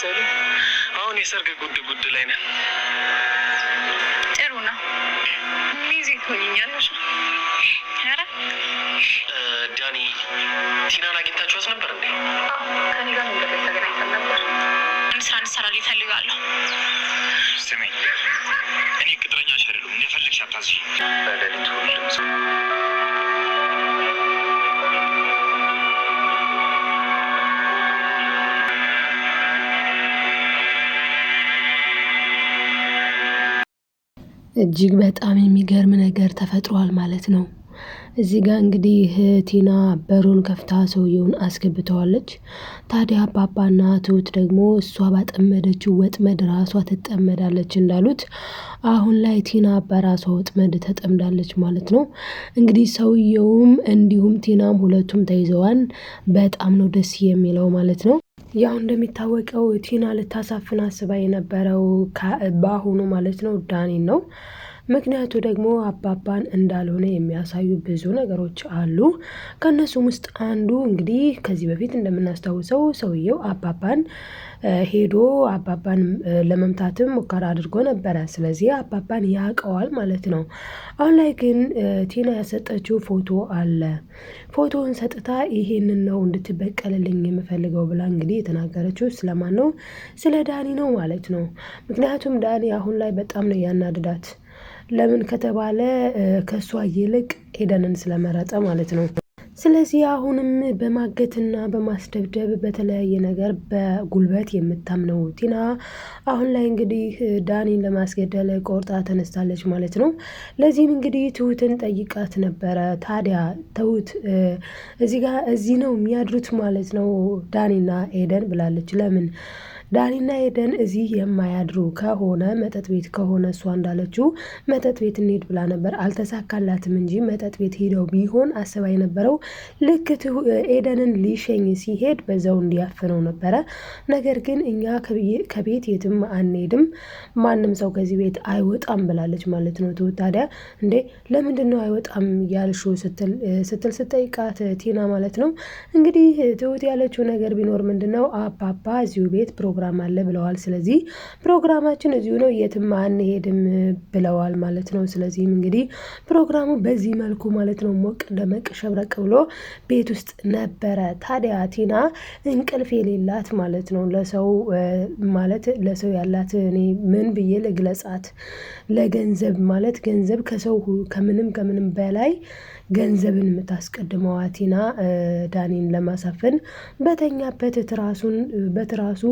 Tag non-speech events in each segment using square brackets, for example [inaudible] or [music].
ደስ አሁን የሰርግ ጉድ ጉድ ላይ ነን። ጥሩ ነው። ሚዜ ትሆኝኛለሽ። ኧረ ዳኒ፣ ቲናን አግኝታችኋት ነበር እንዴ? ከኔ ጋር እንደገና ተገናኝተን ነበር። ስራ እንሰራ ሊፈልጋለሁ። ስሜ እኔ ቅጥረኛ ሸርሉ እንደፈለግሽ አታዝኝ። በሌሊት ሁሉም ሰው እጅግ በጣም የሚገርም ነገር ተፈጥሯል ማለት ነው። እዚህ ጋር እንግዲህ ቲና በሩን ከፍታ ሰውየውን አስገብተዋለች። ታዲያ አባባና ትሁት ደግሞ እሷ ባጠመደችው ወጥመድ ራሷ ትጠመዳለች እንዳሉት አሁን ላይ ቲና በራሷ ወጥመድ ተጠምዳለች ማለት ነው። እንግዲህ ሰውየውም እንዲሁም ቲናም ሁለቱም ተይዘዋል። በጣም ነው ደስ የሚለው ማለት ነው። ያው እንደሚታወቀው ቲና ልታሳፍን አስባ የነበረው በአሁኑ ማለት ነው ዳኒን ነው። ምክንያቱ ደግሞ አባባን እንዳልሆነ የሚያሳዩ ብዙ ነገሮች አሉ። ከእነሱም ውስጥ አንዱ እንግዲህ ከዚህ በፊት እንደምናስታውሰው ሰውየው አባባን ሄዶ አባባን ለመምታትም ሙከራ አድርጎ ነበረ። ስለዚህ አባባን ያውቀዋል ማለት ነው። አሁን ላይ ግን ቲና ያሰጠችው ፎቶ አለ። ፎቶውን ሰጥታ ይሄንን ነው እንድትበቀልልኝ የምፈልገው ብላ እንግዲህ የተናገረችው ስለማን ነው? ስለ ዳኒ ነው ማለት ነው። ምክንያቱም ዳኒ አሁን ላይ በጣም ነው ያናድዳት። ለምን ከተባለ ከእሷ ይልቅ ኤደንን ስለመረጠ ማለት ነው። ስለዚህ አሁንም በማገትና በማስደብደብ በተለያየ ነገር በጉልበት የምታምነው ቲና አሁን ላይ እንግዲህ ዳኒን ለማስገደል ቆርጣ ተነስታለች ማለት ነው። ለዚህም እንግዲህ ትሁትን ጠይቃት ነበረ። ታዲያ ትሁት እዚህ ጋር እዚህ ነው የሚያድሩት ማለት ነው ዳኒና ኤደን ብላለች። ለምን ዳኒና ኤደን እዚህ የማያድሩ ከሆነ መጠጥ ቤት ከሆነ እሷ እንዳለችው መጠጥ ቤት እንሄድ ብላ ነበር። አልተሳካላትም እንጂ መጠጥ ቤት ሄደው ቢሆን አስባ የነበረው ልክ ኤደንን ሊሸኝ ሲሄድ በዛው እንዲያፍነው ነበረ። ነገር ግን እኛ ከቤት የትም አንሄድም፣ ማንም ሰው ከዚህ ቤት አይወጣም ብላለች ማለት ነው። ታዲያ እንዴ ለምንድን ነው አይወጣም ያልሹ ስትል ስጠይቃት ቲና ማለት ነው እንግዲህ ትሁት ያለችው ነገር ቢኖር ምንድን ነው አባባ እዚሁ ቤት ፕሮግራም ፕሮግራም አለ ብለዋል። ስለዚህ ፕሮግራማችን እዚሁ ነው፣ የትም አንሄድም ብለዋል ማለት ነው። ስለዚህም እንግዲህ ፕሮግራሙ በዚህ መልኩ ማለት ነው ሞቅ ደመቅ ሸብረቅ ብሎ ቤት ውስጥ ነበረ። ታዲያ ቲና እንቅልፍ የሌላት ማለት ነው ለሰው ማለት ለሰው ያላት እኔ ምን ብዬ ልግለጻት? ለገንዘብ ማለት ገንዘብ ከሰው ከምንም ከምንም በላይ ገንዘብን የምታስቀድመው አቲና ዳኒን ለማሳፈን በተኛበት ትራሱን በትራሱ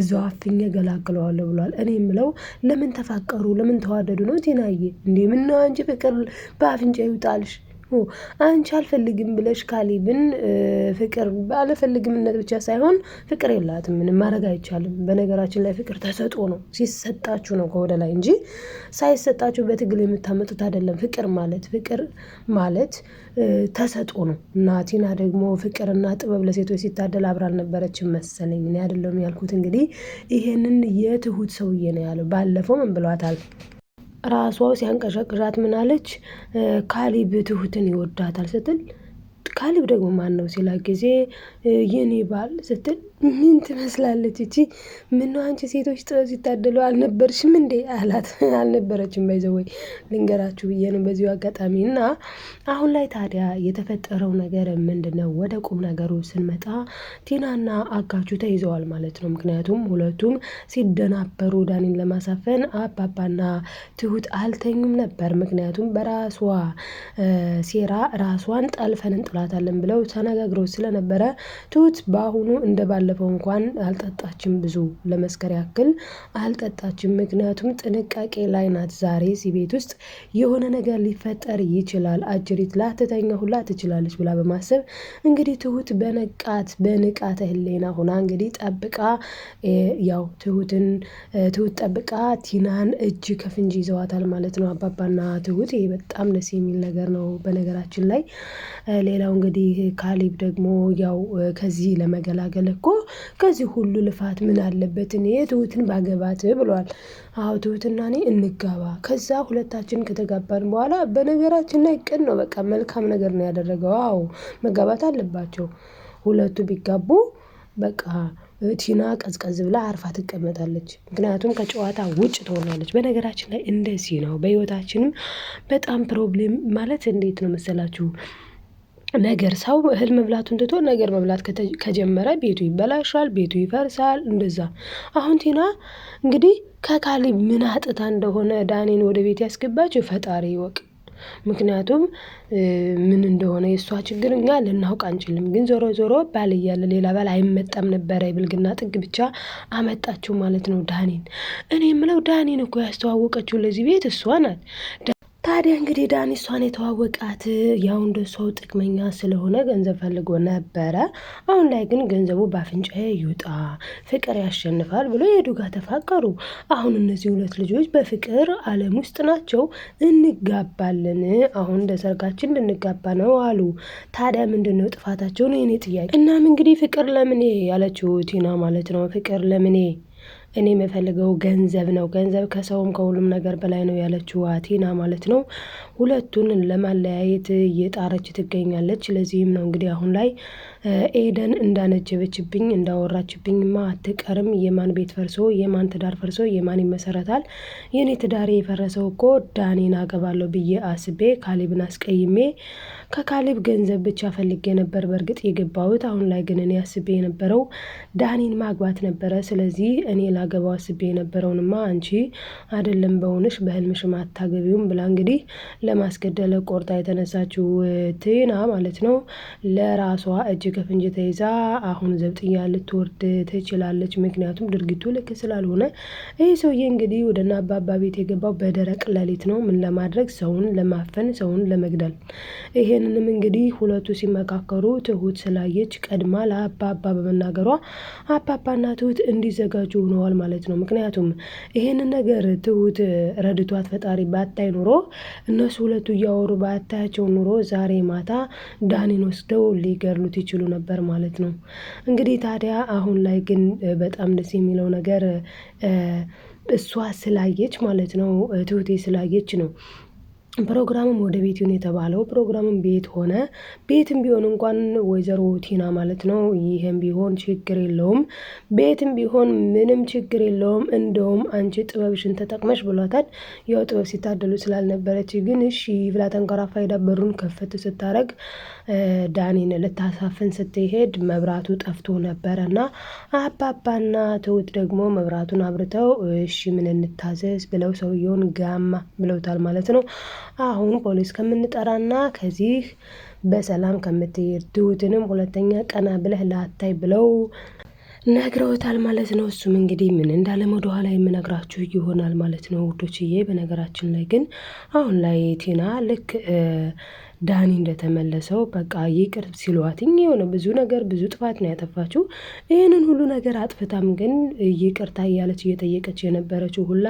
እዛው አፍኜ ገላግለዋለሁ ብሏል። እኔ የምለው ለምን ተፋቀሩ? ለምን ተዋደዱ ነው ቲናዬ? እንዴ ምነው አንቺ ፍቅር በአፍንጫ ይውጣልሽ? አንቺ አልፈልግም ብለሽ ካሊብን ፍቅር አልፈልግምነት ብቻ ሳይሆን ፍቅር የላትም። ምንም ማድረግ አይቻልም። በነገራችን ላይ ፍቅር ተሰጦ ነው። ሲሰጣችሁ ነው ከወደ ላይ እንጂ ሳይሰጣችሁ በትግል የምታመጡት አይደለም። ፍቅር ማለት ፍቅር ማለት ተሰጦ ነው። እና ቲና ደግሞ ፍቅርና ጥበብ ለሴቶች ሲታደል አብራ አልነበረችም መሰለኝ። እኔ አይደለሁም ያልኩት እንግዲህ ይሄንን የትሁት ሰውዬ ነው ያለው። ባለፈው ምን ብሏታል? ራሷ ሲያንቀሸቅሻት ምናለች ካሊብ ትሁትን ይወዳታል ስትል ካሊብ ደግሞ ማን ነው ሲላ ጊዜ የኔ ባል ስትል ምን ትመስላለች እቺ? ምነው አንቺ ሴቶች ጥበብ ሲታደሉ አልነበርሽም እንዴ አላት። [laughs] አልነበረችም ባይዘወይ ልንገራችሁ ብዬ ነው በዚሁ አጋጣሚ እና አሁን ላይ ታዲያ የተፈጠረው ነገር ምንድን ነው? ወደ ቁም ነገሩ ስንመጣ ቲናና አጋቹ ተይዘዋል ማለት ነው። ምክንያቱም ሁለቱም ሲደናበሩ ዳኒን ለማሳፈን አባባና ትሁት አልተኙም ነበር። ምክንያቱም በራሷ ሴራ ራሷን ጠልፈን እንጥላታለን ብለው ተነጋግረው ስለነበረ ትሁት በአሁኑ እንደባለ ባለፈው እንኳን አልጠጣችም፣ ብዙ ለመስከር ያክል አልጠጣችም። ምክንያቱም ጥንቃቄ ላይ ናት። ዛሬ እዚህ ቤት ውስጥ የሆነ ነገር ሊፈጠር ይችላል፣ አጅሪት ላትተኛ ሁላ ትችላለች ብላ በማሰብ እንግዲህ ትሁት በንቃት በንቃተ ህሌና ሆና እንግዲህ ጠብቃ ያው ትሁትን ትሁት ጠብቃ ቲናን እጅ ከፍንጅ ይዘዋታል ማለት ነው አባባና ትሁት። ይሄ በጣም ደስ የሚል ነገር ነው በነገራችን ላይ። ሌላው እንግዲህ ካሊብ ደግሞ ያው ከዚህ ለመገላገል እኮ ከዚህ ሁሉ ልፋት ምን አለበት? እኔ ትሁትን ባገባት ብሏል። አዎ ትሁትና እኔ እንጋባ። ከዛ ሁለታችን ከተጋባን በኋላ በነገራችን ላይ ቅን ነው። በቃ መልካም ነገር ነው ያደረገው። አዎ መጋባት አለባቸው ሁለቱ ቢጋቡ በቃ ቲና ቀዝቀዝ ብላ አርፋ ትቀመጣለች። ምክንያቱም ከጨዋታ ውጭ ትሆናለች። በነገራችን ላይ እንደዚህ ነው። በህይወታችንም በጣም ፕሮብሌም ማለት እንዴት ነው መሰላችሁ ነገር ሰው እህል መብላቱን ትቶ ነገር መብላት ከጀመረ ቤቱ ይበላሻል፣ ቤቱ ይፈርሳል። እንደዛ አሁን ቲና እንግዲህ ከካሊ ምን አጥታ እንደሆነ ዳኔን ወደ ቤት ያስገባችው ፈጣሪ ይወቅ። ምክንያቱም ምን እንደሆነ የእሷ ችግር እኛ ልናውቅ አንችልም። ግን ዞሮ ዞሮ ባል እያለ ሌላ ባል አይመጣም ነበረ። የብልግና ጥግ ብቻ አመጣችው ማለት ነው ዳኔን። እኔ የምለው ዳኔን እኮ ያስተዋወቀችው ለዚህ ቤት እሷ ናት። ታዲያ እንግዲህ ዳኒ እሷን የተዋወቃት ያው እንደ ሰው ጥቅመኛ ስለሆነ ገንዘብ ፈልጎ ነበረ። አሁን ላይ ግን ገንዘቡ በአፍንጫዬ ይውጣ፣ ፍቅር ያሸንፋል ብሎ የዱጋ ተፋቀሩ። አሁን እነዚህ ሁለት ልጆች በፍቅር ዓለም ውስጥ ናቸው። እንጋባለን፣ አሁን እንደ ሰርጋችን ልንጋባ ነው አሉ። ታዲያ ምንድን ነው ጥፋታቸውን? የኔ ጥያቄ። እናም እንግዲህ ፍቅር ለምኔ ያለችው ቲና ማለት ነው። ፍቅር ለምኔ እኔ የምፈልገው ገንዘብ ነው፣ ገንዘብ ከሰውም ከሁሉም ነገር በላይ ነው ያለችው አቴና ማለት ነው። ሁለቱን ለማለያየት እየጣረች ትገኛለች። ለዚህም ነው እንግዲህ አሁን ላይ ኤደን እንዳነጀበችብኝ ማ አትቀርም። የማን ቤት ፈርሶ የማን ትዳር ፈርሶ የማን ይመሰረታል? የኔ ትዳሬ የፈረሰው እኮ ዳኔን አገባለሁ ብዬ አስቤ ካሊብን አስቀይሜ ከካሊብ ገንዘብ ብቻ ፈልጌ ነበር በእርግጥ የገባሁት። አሁን ላይ ግን እኔ አስቤ የነበረው ዳኔን ማግባት ነበረ። ስለዚህ እኔ ላገባው አስቤ የነበረውንማ አንቺ አይደለም በሆንሽ በህልምሽም አታገቢውም ብላ እንግዲህ ለማስገደለ ቆርጣ የተነሳችው ቲና ማለት ነው ለራሷ እጅግ ከፍንጅ ተይዛ አሁን ዘብጥያ ልትወርድ ትችላለች። ምክንያቱም ድርጊቱ ልክ ስላልሆነ ይህ ሰውዬ እንግዲህ ወደ እነ አባባ ቤት የገባው በደረቅ ሌሊት ነው። ምን ለማድረግ ሰውን ለማፈን፣ ሰውን ለመግደል። ይሄንንም እንግዲህ ሁለቱ ሲመካከሩ ትሁት ስላየች ቀድማ ለአባባ በመናገሯ አባባና ትሁት እንዲዘጋጁ ሆነዋል ማለት ነው። ምክንያቱም ይሄንን ነገር ትሁት ረድቷት ፈጣሪ ባታይ ኑሮ እነሱ ሁለቱ እያወሩ ባታያቸው ኑሮ ዛሬ ማታ ዳኒን ወስደው ሊገድሉት ይችሉ ይችሉ ነበር ማለት ነው። እንግዲህ ታዲያ አሁን ላይ ግን በጣም ደስ የሚለው ነገር እሷ ስላየች ማለት ነው ትሁቴ ስላየች ነው ፕሮግራምም ወደ ቤት ይሁን የተባለው ፕሮግራምም ቤት ሆነ። ቤትም ቢሆን እንኳን ወይዘሮ ቲና ማለት ነው ይህም ቢሆን ችግር የለውም፣ ቤትም ቢሆን ምንም ችግር የለውም፣ እንደውም አንቺ ጥበብሽን ተጠቅመሽ ብሏታል። ያው ጥበብ ሲታደሉ ስላልነበረች ግን እሺ ብላ ተንከራፋ ሄዳ በሩን ከፍት ስታረግ ዳኒን ልታሳፍን ስትሄድ መብራቱ ጠፍቶ ነበረ እና አባባና ትሁት ደግሞ መብራቱን አብርተው እሺ ምን እንታዘዝ ብለው ሰውየውን ጋማ ብለውታል ማለት ነው። አሁን ፖሊስ ከምንጠራና ከዚህ በሰላም ከምትሄድ ትሁትንም ሁለተኛ ቀና ብለህ ላታይ ብለው ነግረውታል ማለት ነው። እሱም እንግዲህ ምን እንዳለ ወደኋላ የምነግራችሁ ይሆናል ማለት ነው ውዶችዬ። በነገራችን ላይ ግን አሁን ላይ ቲና ልክ ዳኒ እንደተመለሰው በቃ ይቅር ሲሏትኝ የሆነ ብዙ ነገር ብዙ ጥፋት ነው ያጠፋችው። ይህንን ሁሉ ነገር አጥፍታም ግን ይቅርታ እያለች እየጠየቀች የነበረችው ሁላ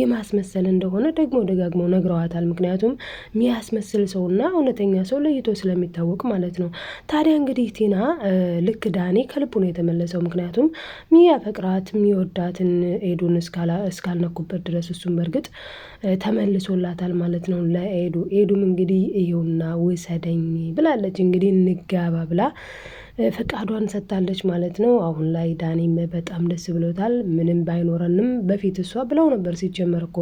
የማስመሰል እንደሆነ ደግሞ ደጋግሞ ነግረዋታል። ምክንያቱም የሚያስመስል ሰውና እውነተኛ ሰው ለይቶ ስለሚታወቅ ማለት ነው። ታዲያ እንግዲህ ቲና ልክ ዳኒ ከልቡ ነው የተመለሰው። ምክንያቱም ሚያፈቅራት የሚወዳትን ኤዱን እስካልነኩበት ድረስ እሱም በእርግጥ ተመልሶላታል ማለት ነው ለኤዱ ኤዱም እንግዲህ ይሁና ውሰደኝ ብላለች። እንግዲህ እንጋባ ብላ ፈቃዷን ሰጥታለች ማለት ነው። አሁን ላይ ዳኔም በጣም ደስ ብሎታል። ምንም ባይኖረንም በፊት እሷ ብለው ነበር ሲጀመር እኮ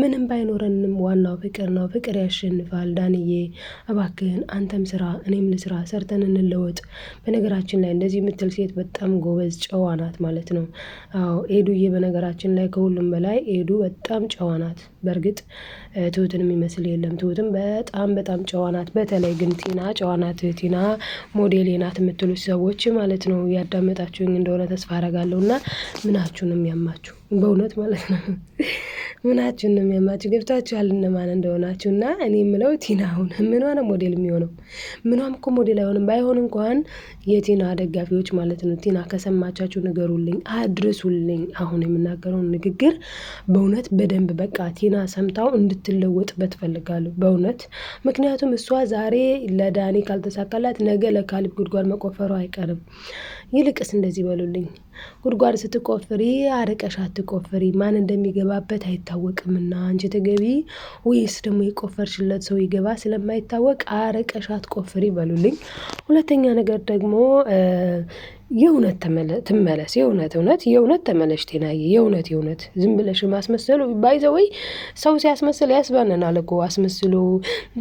ምንም ባይኖረንም ዋናው ፍቅር ነው፣ ፍቅር ያሸንፋል። ዳንዬ እባክህን አንተም ስራ እኔም ልስራ፣ ሰርተን እንለወጥ። በነገራችን ላይ እንደዚህ የምትል ሴት በጣም ጎበዝ ጨዋ ናት ማለት ነው። አዎ ኤዱዬ፣ በነገራችን ላይ ከሁሉም በላይ ኤዱ በጣም ጨዋ ናት። በእርግጥ ትሁትን የሚመስል የለም። ትሁትም በጣም በጣም ጨዋ ናት። በተለይ ግን ቲና ጨዋ ናት። ቲና ሞዴል ናት የምት የምትሉ ሰዎች ማለት ነው ያዳመጣችሁኝ እንደሆነ ተስፋ አረጋለሁ እና ምናችሁንም ያማችሁ በእውነት ማለት ነው። ምናችሁን ነው የሚያማችሁ? ገብታችኋል እነማን እንደሆናችሁ። እና እኔ የምለው ቲና አሁን ምኗ ነው ሞዴል የሚሆነው? ምኗም እኮ ሞዴል አይሆንም። ባይሆን እንኳን የቲና ደጋፊዎች ማለት ነው፣ ቲና ከሰማቻችሁ ንገሩልኝ፣ አድርሱልኝ። አሁን የምናገረውን ንግግር በእውነት በደንብ በቃ ቲና ሰምታው እንድትለወጥ በትፈልጋሉ በእውነት ምክንያቱም እሷ ዛሬ ለዳኒ ካልተሳካላት ነገ ለካሊብ ጉድጓድ መቆፈሩ አይቀርም። ይልቅስ እንደዚህ በሉልኝ። ጉድጓድ ስትቆፍሪ አርቀሽ አትቆፍሪ፣ ማን እንደሚገባበት አይታወቅምና አንቺ ትገቢ ወይስ ደግሞ የቆፈርሽለት ሰው ይገባ ስለማይታወቅ አርቀሽ አትቆፍሪ በሉልኝ። ሁለተኛ ነገር ደግሞ የእውነት ትመለስ፣ የእውነት እውነት፣ የእውነት ተመለሽ ቴናዬ፣ የእውነት የእውነት። ዝም ብለሽ ማስመሰሉ ባይዘወይ ሰው ሲያስመስል ያስባነናል እኮ አስመስሎ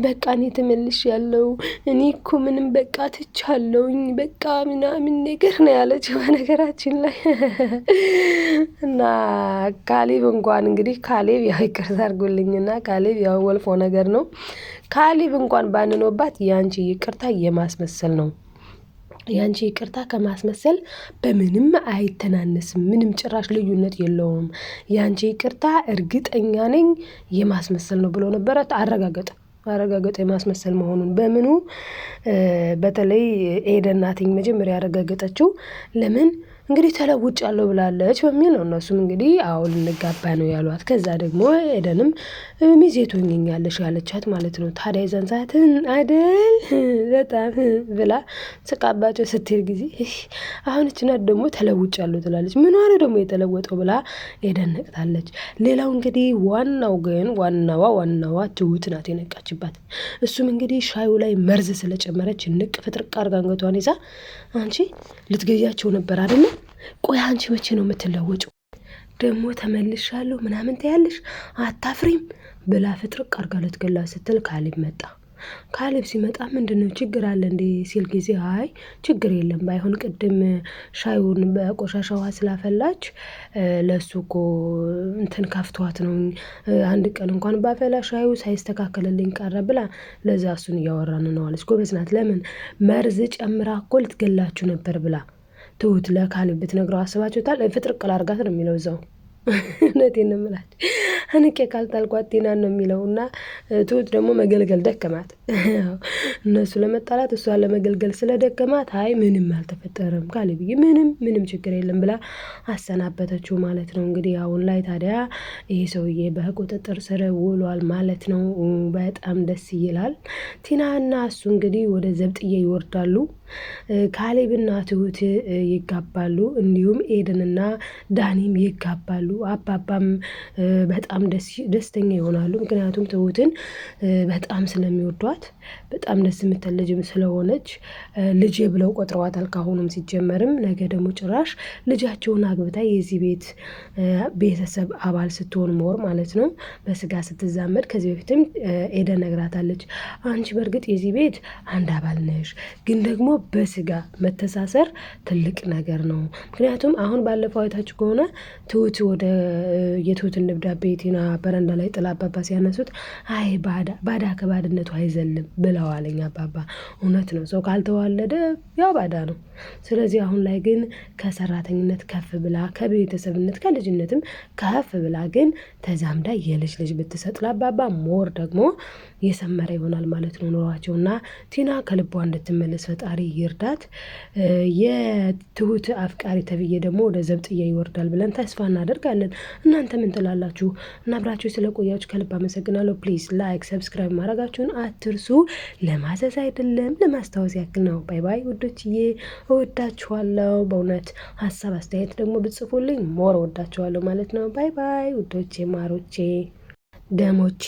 በቃ እኔ ትመልሽ ያለው እኔ እኮ ምንም በቃ ትቻለውኝ በቃ ምናምን ነገር ነው ያለች በነገራችን ላይ [laughs] እና ካሌብ እንኳን እንግዲህ ካሌብ ያው ይቅርታ አድርጉልኝና ካሌብ ያው ወልፎ ነገር ነው። ካሌብ እንኳን ባንኖባት የአንቺ ይቅርታ የማስመሰል ነው። የአንቺ ይቅርታ ከማስመሰል በምንም አይተናነስም። ምንም ጭራሽ ልዩነት የለውም። የአንቺ ይቅርታ እርግጠኛ ነኝ የማስመሰል ነው ብሎ ነበረ። አረጋገጠ አረጋገጠ የማስመሰል መሆኑን በምኑ በተለይ ኤደን ናትኝ መጀመሪያ ያረጋገጠችው ለምን እንግዲህ ተለውጭ ያለው ብላለች በሚል ነው እነሱም እንግዲህ አዎ ልንጋባ ነው ያሏት። ከዛ ደግሞ ኤደንም ሚዜ ትሆኝኛለሽ ያለቻት ማለት ነው። ታዲያ የዛን ሰዓት አይደል በጣም ብላ ስቃባቸው ስትሄድ ጊዜ አሁን እችናት ደግሞ ተለውጭ ያለው ትላለች። ምን ሆነ ደግሞ የተለወጠው ብላ ኤደን ነቅታለች። ሌላው እንግዲህ ዋናው ግን ዋናዋ ዋናዋ ትሁት ናት የነቃችባት። እሱም እንግዲህ ሻዩ ላይ መርዝ ስለጨመረች ንቅ ፍጥርቅ አርጋ አንገቷን ይዛ አንቺ ልትገያቸው ነበር አይደለም ቆይ አንቺ መቼ ነው የምትለወጪው? ደግሞ ተመልሻለሁ ምናምን ትያለሽ አታፍሪም? ብላ ፍጥርቅ አርጋ ልትገላ ስትል ካሊብ መጣ። ካሊብ ሲመጣ ምንድን ነው ችግር አለ እንዴ ሲል ጊዜ አይ ችግር የለም፣ ባይሆን ቅድም ሻዩን በቆሻሻ ውሃ ስላፈላች ለእሱ እኮ እንትን ከፍቷት ነው። አንድ ቀን እንኳን ባፈላ ሻዩ ሳይስተካከልልኝ ቀረ ብላ ለዛ እሱን እያወራን ነው አለች። ጎበዝ ናት። ለምን መርዝ ጨምራ እኮ ልትገላችሁ ነበር ብላ ትሁት ለካሌብ ብትነግረው አስባችሁታል? ፍጥርቅል አድርጋት ነው የሚለው እዛው እውነቴን ነው የምላችሁ። አንቄ ካልጣልኳት ነው የሚለው እና ትሁት ደግሞ መገልገል ደከማት። እነሱ ለመጣላት እሷ ለመገልገል ስለደከማት አይ ምንም አልተፈጠረም ካለ ምንም ምንም ችግር የለም ብላ አሰናበተችው ማለት ነው። እንግዲህ አሁን ላይ ታዲያ ይህ ሰውዬ በቁጥጥር ስር ውሏል ማለት ነው። በጣም ደስ ይላል። ቲናና እሱ እንግዲህ ወደ ዘብጥዬ ይወርዳሉ። ካሌብና ትሁት ይጋባሉ። እንዲሁም ኤደንና ዳኒም ይጋባሉ። አባባም በጣም ደስተኛ ይሆናሉ። ምክንያቱም ትሁትን በጣም ስለሚወዷት በጣም ደስ የምትል ልጅም ስለሆነች ልጄ ብለው ቆጥረዋታል። ካሁኑም ሲጀመርም ነገ ደግሞ ጭራሽ ልጃቸውን አግብታ የዚህ ቤት ቤተሰብ አባል ስትሆን ሞር ማለት ነው። በስጋ ስትዛመድ ከዚህ በፊትም ኤደን ነግራታለች። አንቺ በእርግጥ የዚህ ቤት አንድ አባል ነሽ፣ ግን ደግሞ በስጋ መተሳሰር ትልቅ ነገር ነው። ምክንያቱም አሁን ባለፈው አይታችሁ ከሆነ ትሁት ወደ የትሁትን ደብዳቤ ቲና በረንዳ ላይ ጥላ አባባ ሲያነሱት አይ ባዳ ባዳ ከባድነቱ አይዘንም ብለዋለኝ አባባ። እውነት ነው፣ ሰው ካልተዋለደ ያው ባዳ ነው። ስለዚህ አሁን ላይ ግን ከሰራተኝነት ከፍ ብላ ከቤተሰብነት ከልጅነትም ከፍ ብላ ግን ተዛምዳ የልጅ ልጅ ብትሰጥ ለአባባ ሞር ደግሞ የሰመረ ይሆናል ማለት ነው ኑሯቸው እና ቲና ከልቧ እንድትመለስ ፈጣሪ ይርዳት። የትሁት አፍቃሪ ተብዬ ደግሞ ወደ ዘብጥያ ይወርዳል ብለን ተስፋ እናደርጋለን። እንችላለን። እናንተ ምን ትላላችሁ? እና አብራችሁ ስለቆያችሁ ከልብ አመሰግናለሁ። ፕሊዝ ላይክ፣ ሰብስክራይብ ማድረጋችሁን አትርሱ። ለማዘዝ አይደለም ለማስታወስ ያክል ነው። ባይ ባይ ውዶችዬ፣ እወዳችኋለሁ በእውነት ሀሳብ አስተያየት ደግሞ ብጽፉልኝ ሞር እወዳችኋለሁ ማለት ነው። ባይ ባይ ውዶቼ፣ ማሮቼ፣ ደሞቼ